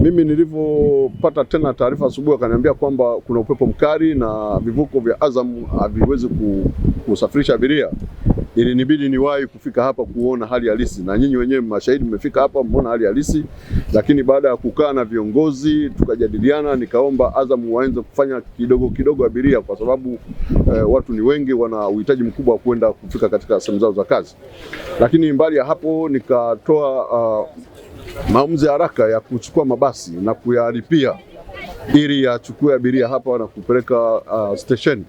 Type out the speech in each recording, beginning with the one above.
Mimi nilivyopata tena taarifa asubuhi, akaniambia kwamba kuna upepo mkali na vivuko vya Azam haviwezi kusafirisha abiria ilinibidi niwahi kufika hapa kuona hali halisi, na nyinyi wenyewe mashahidi, mmefika hapa mmeona hali halisi. Lakini baada ya kukaa na viongozi tukajadiliana, nikaomba Azam waanze kufanya kidogo kidogo abiria, kwa sababu eh, watu ni wengi, wana uhitaji mkubwa wa kwenda kufika katika sehemu zao za kazi. Lakini mbali ya hapo nikatoa uh, maamuzi haraka ya kuchukua mabasi na kuyalipia ili yachukue abiria hapa na kupeleka uh, stesheni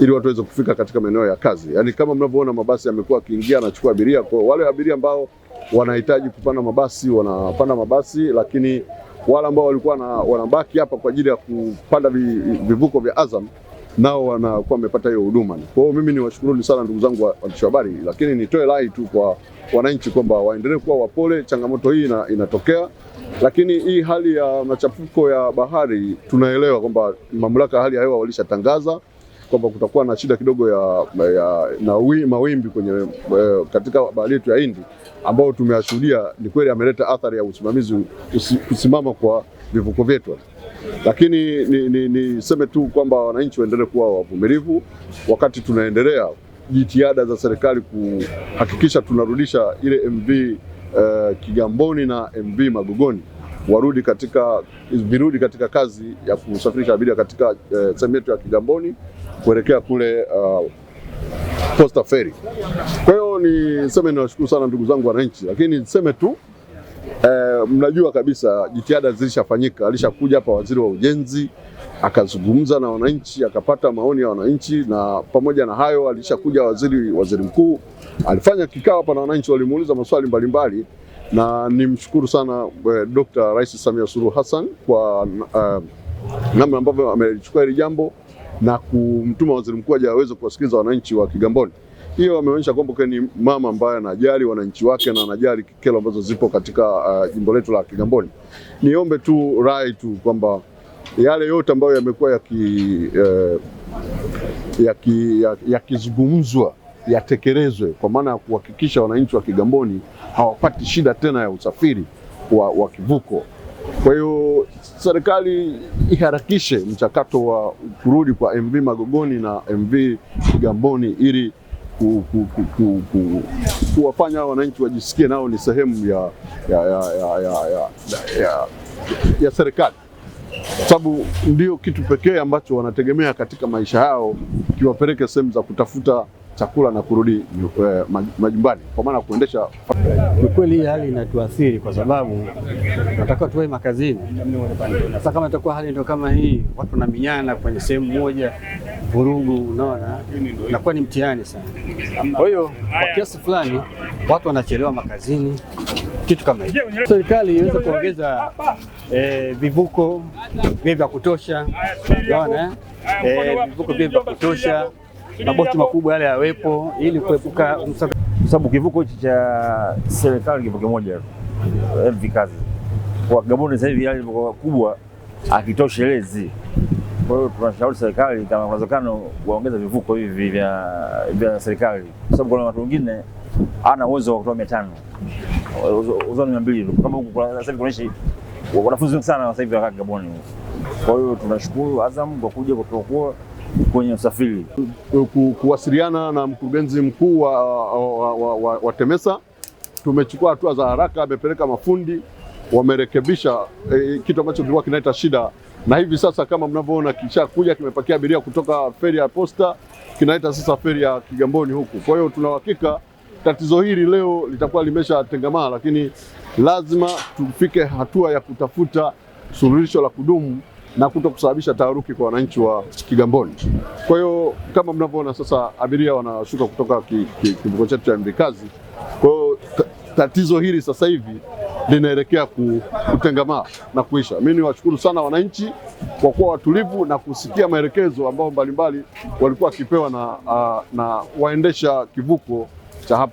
ili watu waweze kufika katika maeneo ya kazi. Yaani kama mnavyoona mabasi yamekuwa akiingia anachukua abiria, kwa wale abiria ambao wanahitaji kupanda mabasi wanapanda mabasi, lakini wale ambao walikuwa wanabaki hapa kwa ajili ya kupanda vivuko vya Azam nao wanakuwa wamepata hiyo huduma. Kwa hiyo mimi niwashukuruni sana ndugu zangu waandishi wa habari, lakini nitoe rai tu kwa wananchi kwamba waendelee kuwa wapole. Changamoto hii ina, inatokea, lakini hii hali ya machafuko ya bahari tunaelewa kwamba mamlaka ya hali ya hewa walishatangaza kwamba kutakuwa na shida kidogo ya, ya na wi, mawimbi kwenye eh, katika bahari yetu ya Hindi ambayo tumeyashuhudia. Ni kweli ameleta athari ya usimamizi usi, kusimama kwa vivuko vyetu, lakini niseme ni, ni tu kwamba wananchi waendelee kuwa wavumilivu wakati tunaendelea jitihada za serikali kuhakikisha tunarudisha ile MV eh, Kigamboni na MV Magogoni warudi katika virudi katika kazi ya kusafirisha abiria katika eh, sehemu yetu ya Kigamboni kuelekea kule uh, Posta Ferry. Kwa hiyo niseme ninawashukuru sana ndugu zangu wananchi, lakini niseme tu eh, mnajua kabisa jitihada zilishafanyika. Alishakuja hapa waziri wa ujenzi akazungumza na wananchi akapata maoni ya wananchi, na pamoja na hayo alishakuja waziri waziri mkuu alifanya kikao hapa na wananchi, walimuuliza maswali mbalimbali mbali na nimshukuru sana uh, eh, Dr. Rais Samia Suluhu Hassan kwa uh, namna ambavyo amelichukua hili jambo na kumtuma waziri mkuu aje aweze kuwasikiliza wananchi wa Kigamboni. Hiyo ameonyesha kwamba ni mama ambaye anajali wananchi wake na anajali kero ambazo zipo katika uh, jimbo letu la Kigamboni. Niombe tu rai tu kwamba yale yote ambayo yamekuwa yakizungumzwa yatekelezwe kwa maana ya kuhakikisha wananchi wa Kigamboni hawapati shida tena ya usafiri wa, wa kivuko. Kwa hiyo serikali iharakishe mchakato wa kurudi kwa MV Magogoni na MV Kigamboni ili ku, ku, ku, ku, ku, kuwafanya wananchi wajisikie nao ni sehemu ya, ya, ya, ya, ya, ya, ya, ya serikali kwa sababu ndio kitu pekee ambacho wanategemea katika maisha yao, kiwapeleke sehemu za kutafuta chakula na kurudi eh, majumbani, kwa maana kuendesha. Kwa kweli hii hali inatuathiri kwa sababu natakiwa tuwe makazini. Sasa kama itakuwa hali ndio kama hii, watu wanaminyana kwenye sehemu moja, vurugu, unaona, inakuwa ni mtihani sana. Kwa hiyo kwa kiasi fulani watu wanachelewa makazini, kitu kama hicho. Serikali iweze kuongeza eh, vivuko vya kutosha, unaona, eh, vivuko vya kutosha maboti makubwa yale yawepo, ili kuepuka, sababu kivuko hichi cha serikali kivuko kimoja MV Kazi kwa Gaboni sasa hivi yale kubwa akitoshelezi. Kwa hiyo tunashauri serikali kama inawezekana waongeze vivuko hivi vya serikali, kwa sababu kuna watu wengine ana uwezo wa kutoa mia tano uzani mia mbili kama huku sasa hivi kunaishi wanafunzi wengi sana sasa hivi wa Gaboni. Kwa hiyo tunashukuru Azam kwa kuja kutuokoa kwenye usafiri. Kuwasiliana na mkurugenzi mkuu wa, wa, wa, wa, wa TEMESA, tumechukua hatua za haraka, amepeleka mafundi wamerekebisha e, kitu ambacho kilikuwa kinaita shida, na hivi sasa kama mnavyoona kisha kuja kimepakia abiria kutoka feri ya Posta kinaita sasa feri ya Kigamboni huku. Kwa hiyo tuna uhakika tatizo hili leo litakuwa limesha tengamaa, lakini lazima tufike hatua ya kutafuta suluhisho la kudumu na kuto kusababisha taharuki kwa wananchi wa Kigamboni. Kwa hiyo kama mnavyoona sasa, abiria wanashuka kutoka kivuko chetu cha Mbikazi. Kwa hiyo tatizo hili sasa hivi linaelekea kutengamaa na kuisha. Mimi niwashukuru sana wananchi kwa kuwa watulivu na kusikia maelekezo ambayo mbalimbali walikuwa wakipewa na, na waendesha kivuko cha hapa